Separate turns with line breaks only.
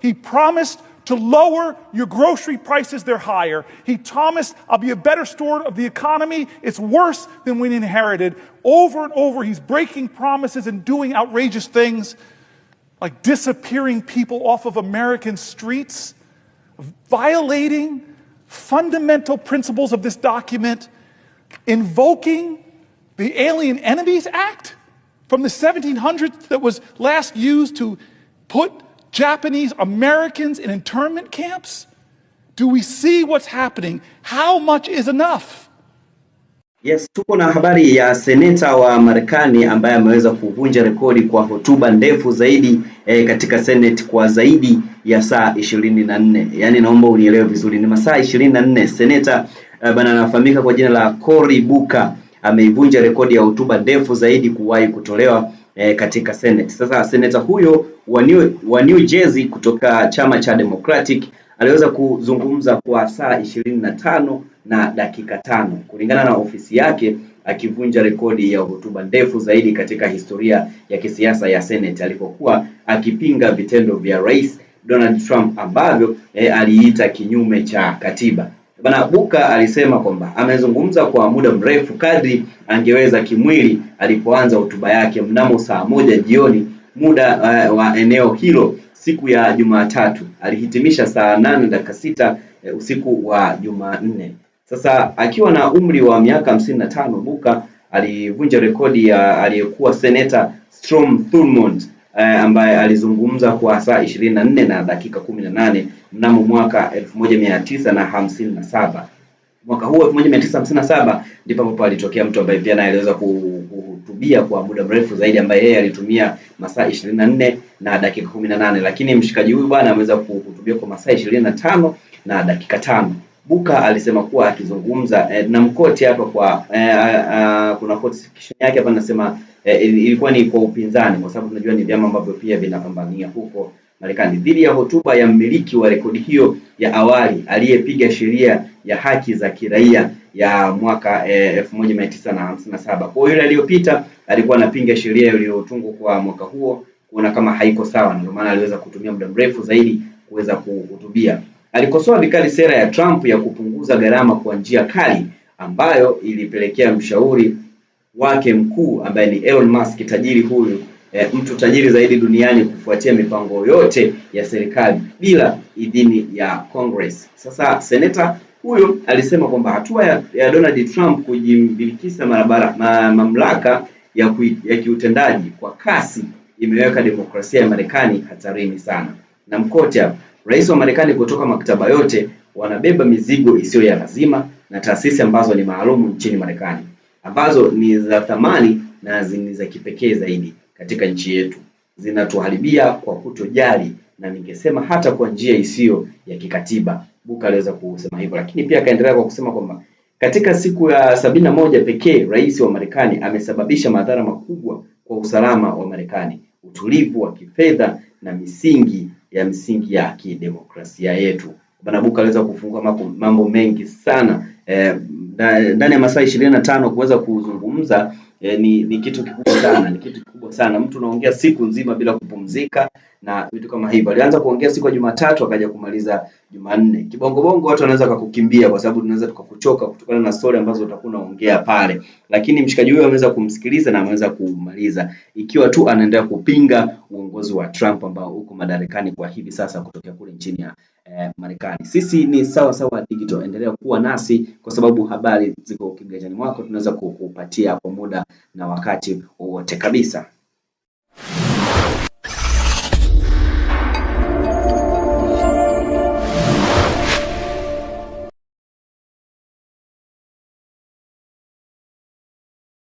He promised to lower your grocery prices, they're higher. He promised, I'll be a better steward of the economy. It's worse than we inherited. Over and over, he's breaking promises and doing outrageous things like disappearing people off of American streets, violating fundamental principles of this document, invoking the Alien Enemies Act from the 1700s that was last used to put Japanese Americans in internment camps? Do we see what's happening? How much is enough?
Yes, tuko na habari ya seneta wa Marekani ambaye ameweza kuvunja rekodi kwa hotuba ndefu zaidi e, katika Senate kwa zaidi ya saa ishirini na nne. Yaani naomba unielewe vizuri, ni masaa ishirini na nne. Seneta eh, bana anafahamika kwa jina la Cory Booker ameivunja rekodi ya hotuba ndefu zaidi kuwahi kutolewa e, katika Senate. Sasa seneta huyo wa New, wa New Jersey kutoka chama cha Democratic aliweza kuzungumza kwa saa ishirini na tano na dakika tano kulingana na ofisi yake, akivunja rekodi ya hotuba ndefu zaidi katika historia ya kisiasa ya Senate alipokuwa akipinga vitendo vya Rais Donald Trump ambavyo eh, aliita kinyume cha katiba. Bana Buka alisema kwamba amezungumza kwa muda mrefu kadri angeweza kimwili alipoanza hotuba yake mnamo saa moja jioni muda uh, wa eneo hilo siku ya Jumatatu. Alihitimisha saa nane dakika sita uh, usiku wa Jumanne. Sasa akiwa na umri wa miaka hamsini na tano Buka alivunja rekodi ya aliyekuwa seneta Strom Thurmond eh, ambaye alizungumza kwa saa ishirini na nne na dakika kumi na nane mnamo mwaka elfu moja mia tisa na hamsini na saba mwaka huo elfu moja mia tisa hamsini na saba ndipo ambapo alitokea mtu ambaye pia naye aliweza kuhutubia kwa muda mrefu zaidi ambaye yeye alitumia masaa ishirini na nne na dakika kumi na nane lakini mshikaji huyu bwana ameweza kuhutubia kwa masaa ishirini na tano na dakika tano Buka alisema kuwa akizungumza eh, na mkoti hapa kwa eh, uh, kuna quotation yake hapa anasema eh, ilikuwa ni kwa upinzani, kwa sababu tunajua ni vyama ambavyo pia vinapambania huko Marekani dhidi ya hotuba ya mmiliki wa rekodi hiyo ya awali aliyepiga sheria ya haki za kiraia ya mwaka eh, elfu moja mia tisa na hamsini na saba. Kwa hiyo yule aliyopita alikuwa anapinga sheria iliyotungwa kwa mwaka huo kuona kama haiko sawa, ndio maana aliweza kutumia muda mrefu zaidi kuweza kuhutubia alikosoa vikali sera ya Trump ya kupunguza gharama kwa njia kali ambayo ilipelekea mshauri wake mkuu ambaye ni Elon Musk, tajiri huyu e, mtu tajiri zaidi duniani kufuatia mipango yote ya serikali bila idhini ya Congress. Sasa seneta huyo alisema kwamba hatua ya, ya Donald Trump kujimbilikisa marabara ma, mamlaka ya, kui, ya kiutendaji kwa kasi imeweka demokrasia ya Marekani hatarini sana. Namkote hapa. Rais wa Marekani kutoka maktaba yote wanabeba mizigo isiyo ya lazima na taasisi ambazo ni maalumu nchini Marekani ambazo ni za thamani na ni za kipekee zaidi katika nchi yetu, zinatuharibia kwa kutojali na ningesema hata kwa njia isiyo ya kikatiba. Buka aliweza kusema hivyo, lakini pia akaendelea kwa kusema kwamba katika siku ya sabini na moja pekee rais wa Marekani amesababisha madhara makubwa kwa usalama wa Marekani, utulivu wa kifedha na misingi ya msingi ya kidemokrasia yetu. Bwana Buka aliweza kufungua mambo mengi sana eh, ndani ya masaa ishirini na tano kuweza kuzungumza eh, ni, ni kitu kikubwa sana, ni kitu kikubwa sana. Mtu unaongea siku nzima bila kupumzika na vitu kama hivyo. Alianza kuongea siku ya Jumatatu akaja kumaliza Jumanne. Kibongobongo watu wanaweza kukukimbia kwa sababu tunaweza tukakuchoka kutokana na story ambazo utakuwa unaongea pale, lakini mshikaji huyo ameweza kumsikiliza na ameweza kumaliza, ikiwa tu anaendelea kupinga uongozi wa Trump ambao uko madarakani kwa hivi sasa kutokea kule nchini ya eh, Marekani. Sisi ni Sawa Sawa Digital, endelea kuwa nasi kwa sababu habari ziko kiganjani mwako, tunaweza kukupatia kwa muda na wakati wowote kabisa.